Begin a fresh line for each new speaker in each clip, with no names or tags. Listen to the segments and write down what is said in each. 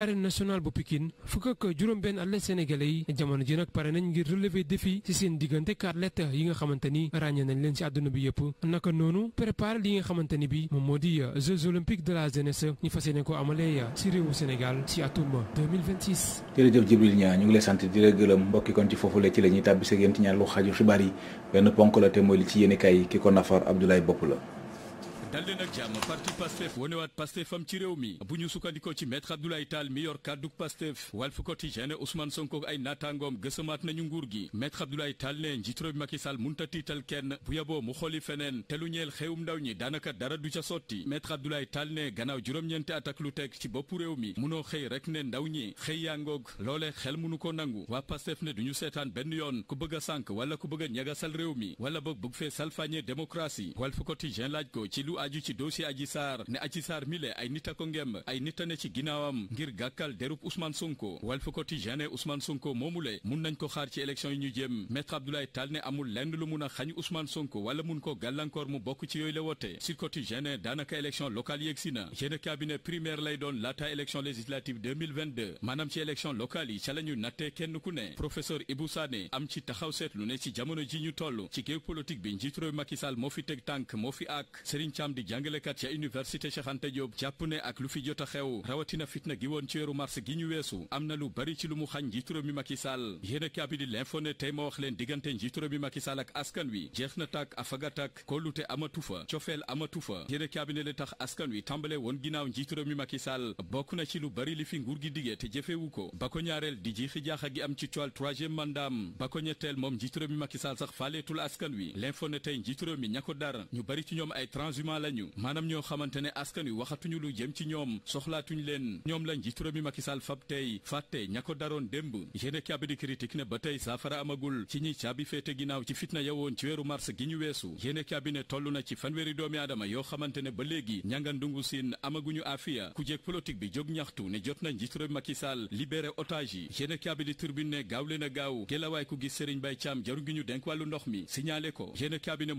arène nationale bu Pikine fukk ak juróom-benn athlètes sénégalais yi jamono ji nag pare nañ ngir relever défi ci seen diggante ak athlètes yi nga xamante ni ràññee nañ leen ci àdduna bi yëpp naka noonu préparer li nga xamante ni bi moom moo di Jeux olympiques de la jeunesse ñu fas yéene ko amalee ci réewu Sénégal ci atum 2026. jërëjëf Jibril Niang ñu ngi lay sant di gëlëm gërëm mbokki kon ci foofule ci la ñuy tàbbi ak yéen ci ñaar lu xaju xibaar yi benn ponk la te la. dal leen ak jàmm parti pastef wonewaat pastef am ci réew mi bu ñu sukkandikoo ci maître Abdoulaye Tall mi yor kàdduk pastef Walf Quotidien ne Ousmane Sonko ay naataangoom gësamaat nañu kenn bu mu xooli feneen te lu ñeel xewum ndaw ñi daanaka dara du ca sotti maître Abdoulaye Tall ne gannaaw juróom-ñeenti at ak lu teg ci bopp réew mi munoo xëy rek ne ndaw ñi xëy yangoog loole xel munu ko nangu waa pastef ne duñu seetaan benn yoon ku bëgg a wala ku bëgg a réew mi wala boog bëgg fee salfaañe démocratie Walf Quotidien laaj ko ci lu lu aju ci dossier Adji Sarr ne Adji Sarr mile ay nit a ko ngemb ay nit ne ci ginnaawam ngir gàkkal derub Ousmane Sonko Walf Quotidien Ousmane Sonko moomule mun nañ ko xaar ci élection yi ñu jëm maître Abdoulaye Tall ne amul lenn lu mun a xañ Ousmane Sonko wala mun ko gàllankoor mu bokk ci yooyu la wote Sud Quotidien daanaka élection locale yegg si na yéen cabinet primaire lay doon laata élection législative 2022 ci élection locale yi ca la ñu programme di jàngalekat ya université Cheikh Anta Diop jàpp ne ak lu fi jot a xew rawatina fitna gi woon ci weeru mars gi ñu weesu am na lu bari ci lu mu xañ njiitu mi Macky Sall yéene kaa bi tey ma wax leen diggante njiitu mi Macky ak askan wi jeex na tàkk afaga tàkk kóolute amatu fa cofeel amatu fa yéene kaa bi tax askan wi tàmbale woon ginnaaw njiitu mi Macky bokk na ci lu bari li fi nguur gi digee te jëfewu ko ba ko militant lañu maanaam ñoo xamante ne askan wi waxatuñu lu jëm ci ñoom soxlaatuñ leen ñoom lañ ji turam yi Macky Sall fab tey fàtte ña ko daroon démb yéene kaabi di critique ne ba tey saafara amagul ci ñi caabi féete ginnaaw ci fitna yawoon ci weeru mars gi ñu weesu yéene kaabi ne toll na ci fanweeri doomi aadama yoo xamante ba léegi ñanga ndungu siin amaguñu afiya ku jéeg politique bi jóg ñaxtu ne jot na ji turam Macky Sall libéré otage yi yéene kaabi di turbine ne gaaw leen a gaaw gelawaay ku gis Serigne Baye mi signalé ko yéene kaabi ne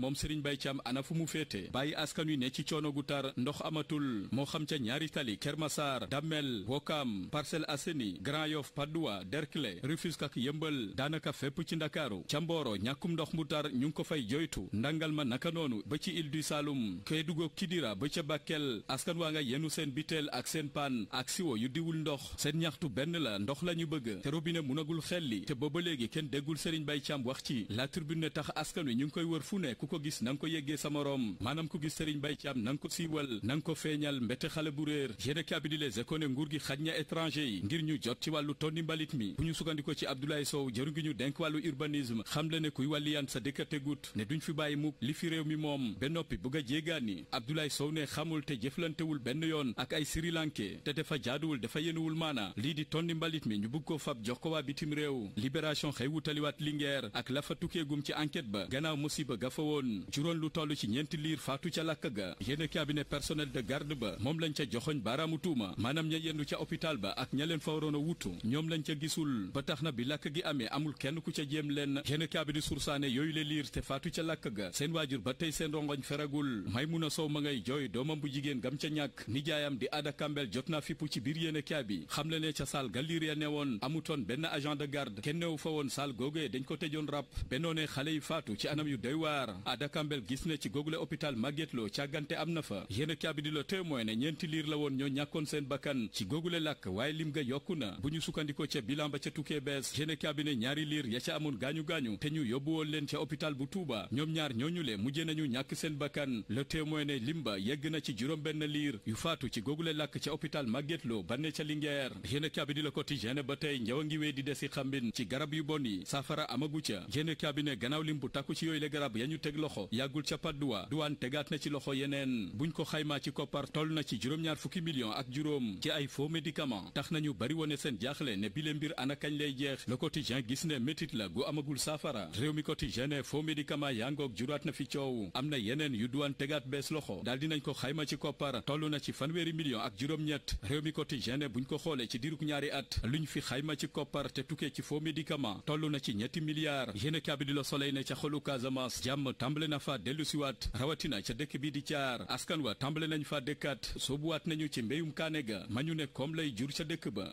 wi ne ci coono ndox amatul moo xam ca ñaari tali Kër Massar Damel Wokam Parcelles Assainies Grand Yoff Patte d'Oie Derklé Rufisque ak Yëmbal daanaka fépp ci Ndakaaru ca mbooro ñàkkum ndox mu tar ñu ngi ko fay joytu ndangal ma naka noonu ba ci Île du Saloum Kédougou Kidira ba ca Bakel askan waa nga yenu seen biteel ak seen paan ak siwo yu diwul ndox seen ñaxtu benn la ndox la ñu bëgg te robinet munagul xelli te booba léegi kenn déggul Serigne Baye Thiam wax ci la tribune ne tax askan ñu Mbaye Thiam na nga ko siiwal na nga ko feeñal mbete xale bu réer génekabi di les école nguur gi xaj na étranger yi ngir ñu jot ci wàllu tonni mbalit mi bu ñu sukkandiko ci Abdoulaye Sow jëru ngi ñu denk wàllu urbanisme xam la ne kuy wàlliyaan sa dëkkategut ne duñ fi bàyyi mukk li fi réew mi moom ba noppi bëgg a jéegaani Abdoulaye Sow ne xamul te jëflantewul benn yoon ak ay Sri Lankais te dafa jaaduwul dafa yéenuwul maana lii di tonni mbalit mi ñu bugg ko fab jox ko waa bitim réew libération xëy wutaliwaat Linguère ak la fa tukkeegum ci enquête ba gannaaw musiba ga fa woon lu toll ci ñeenti ga yéene cabinet personnel de garde ba moom lañ ca joxoñ baaraamu tuuma ña yendu ca hôpital ba ak ña leen fa waroon a wutu ñoom lañ ca gisul ba tax na bi làkk gi amee amul kenn ku ca jéem leen yéene cabinet sursaane yooyu le liir te faatu ca làkk ga seen waajur ba tey seen rongoñ feragul Maymuna Sow ma ngay jooy doomam bu jigéen gam ca ñàkk nijaayam di Ada Kambel jot naa fippu ci biir yéene caabi xam le ne ca saal ga liir ya ne woon amutoon benn agent de garde kenn newu fa woon saal googee dañ ko tëjoon ràpp bennoo ne xale yi faatu ci anam yu doy waar Ada Kambel gis càggante am na fa yéen a kaabi la témoin ne ñeenti liir la woon ñoo ñàkkoon seen bakkan ci góogule làkk waaye lim ga yokku na bu ñu sukkandikoo ca bilan ba ca tukkee bees yéen a kaabi ne ñaari liir ya ca amoon gaañu-gaañu te ñu yóbbu woon leen ca hôpital bu Touba ñoom ñaar ñooñu le mujjee nañu ñàkk seen bakkan le témoin ne lim ba yegg na ci juróom benn liir yu faatu ci góogule làkk ca hôpital Magatte Lô banne ca Linguère yéen a kaabi di la Quotidien ba tey njaw a ngi wee di desi xambin ci garab yu bon yi saafara amagu ca yéen a kaabi ne gannaaw lim ci yooyu le garab ya ñu teg loxo ca Patte loxo yeneen buñ ko xaymaa ci koppar toll na ci juróom-ñaar fukki millions ak juróom ci ay faux médicament tax nañu bari wone seen jaaxle ne bile mbir ana kañ lay jeex le quotidien gis ne métit la gu amagul saafara réew mi quotidien ne faux médicament yaa ngoog juraat na fi coow am na yeneen yu duwaan tegaat bees loxo daal dinañ ko xayma ci koppar toll na ci fanweeri millions ak juróom-ñett réew mi quotidien ne buñ ko xoolee ci diruk ñaari at luñ fi xayma ci koppar te tukkee ci faux médicament toll na ci ñetti milliards yéene kaabi di la soleil ne ca xolu Casamance jàmm tàmbale na fa dellusiwaat rawatina ca dëkk bi di askan wa tàmbale nañ fa dëkkaat soobuwaat nañu ci mbéyum kaane ga ma ñu ne koom lay jur ca dëkk ba